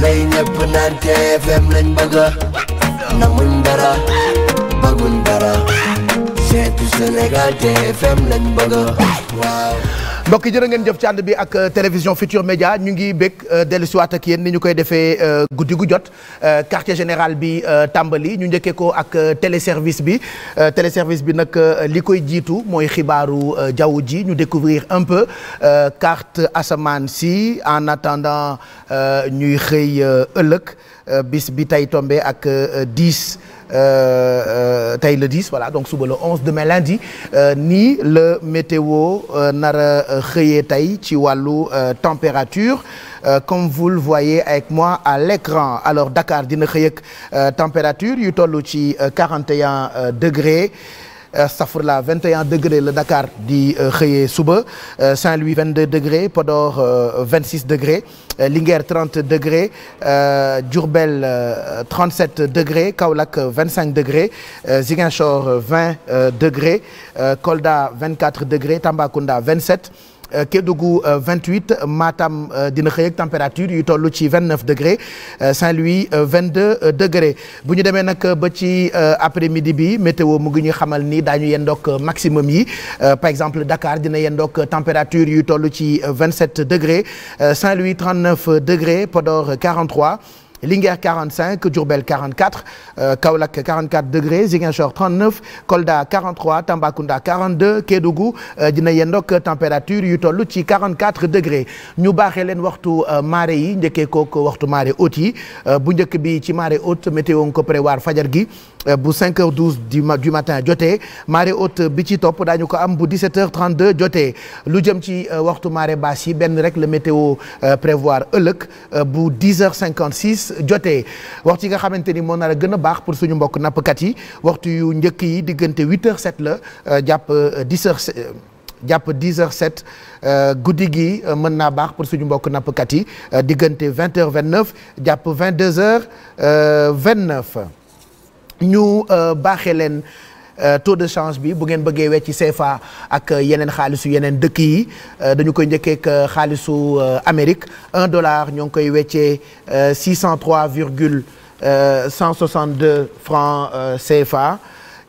xale yi ñëpp naan TFM lañ bëgg namuñ dara bëgguñ dara seetu Sénégal TFM lañ bëgg waaw mbokk yi jërë ngeen jëf ci ànd bi ak euh, télévision Futur Média ñu ngi bég euh, dellusiwaat ak yéen ni ñu koy defee euh, guddi gu jot quartier général bi tàmbali ñu njëkkee ko ak téléservice bi téléservice bi nag li koy jiitu mooy xibaaru jaww ji ñu découvrir un peu carte asamaan si en attendant ñuy xëy ëllëg bis bi tey tombé ak 10 Euh, euh, tey le dix voilà donc suba le 11 demain lundi euh, nii la météo nar a xëyee tey ci wàllu température comme vous le voyez avec moi à l'écran alors Dakar dina xëy ak température yu toll ci 41 degré astafurla euh, 21 degré la Dakar di euh, xëyee suba euh, Saint-Louis 22 degré Podor 26 degré Linguère 30 degré Diourbel 37 degré Kaolack 25 degré Ziguinchor 20 degré Kolda 24 degré Tambacounda 27 Euh, Kédougou 28 euh, Matam euh, dina xëy ak température yu toll ci vingt 29 degré saint vingt deux degré bu ñu demee nag ba ci après midi bi météo mu ngi ñu xamal ni daañu yendook maximum yi par exemple Dakar dina yen yendook température yu toll ci vingt 27 degré Saint-Louis 39 degré Podor 43 Linguère 45 Diourbel 44 euh, Kaolack 44 degrés Ziguinchor 39 Kolda 43 Tambacounda 42 Kédougou euh, dina yendook température yu toll ci 44 degrés ñu baaxee leen waxtu euh, mare yi njëkkee kook waxtu marée haute yi euh, bu njëkk bi ci marée haute météo nga ko fajar gi Euh, bu 5 douze 12 du du matin jotee marée haute bi ci topp daañu ko am bu 17 heures 32 jotee lu jëm ci euh, waxtu marée basse yi benn rek la météo euh, prévoir ëllëg bu 10 heures 56 jotee waxtu yi nga xamante ni moo nar a gën a baax pour suñu mbokk nappkat yi waxtu yu njëkk yi diggante 8 heures 7 la jàpp 10 heures jàpp 10 heures 7 guddi gi mën naa baax pour suñu mbokk nappkat yi diggante 20 heures 29 jàpp 22 heures 29. ñu euh, baaxee leen euh, taux de change bi bu ngeen bëggee wecci CFA ak euh, yeneen xaalisu yeneen dëkk yi dañu koy njëkkeek xaalisu Amérique un dollar ñoo ngi koy weccee 603 virgule 162 francs CFA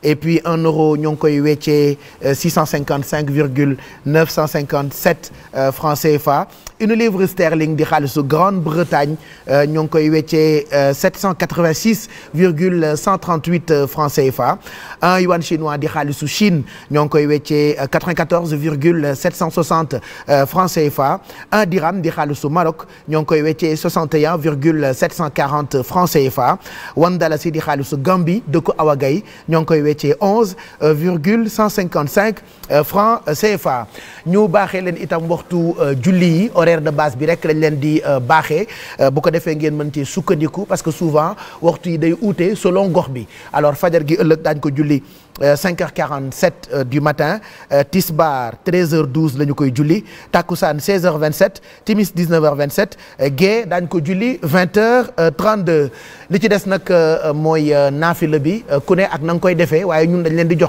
et puis un euro ñoo ngi koy weccee 655 euh, virgule 957 euh, francs CFA une livre sterling di xaalisu Grande-Bretagne euh, ñoo ngi koy weccee 786 virgule 138 francs CFA un yuan chinois di xaalisu Chine ñoo ngi koy weccee 94 virgule 760 francs CFA un dirham di xaalisu Maroc ñoo ngi koy weccee 61 virgule 740 francs CFA wan dalasi di xaalisu Gambie dëkku Awagay ñoo ngi koy tollee ci onze euh, virgule cent cinquante cinq euh, francs euh, CFA ñu baaxee leen itam waxtu julli yi horaire de base bi rek lañ leen di baaxee bu ko defee ngeen mën ci sukkandiku parce que souvent waxtu yi day uute selon gox bi alors fajar gi ëllëg daañ ko julli Euh, cinq heures quarante sept euh, du matin euh, tisbaar treize heures douze la ñu koy julli takkusaan seize heures vingt sept timis dix neuf heures vingt sept gée daañu ko julli vingt heures trente deux li ci des nag mooy naafila bi ku ne ak na nga koy defee waaye ñun dañ leen di jox.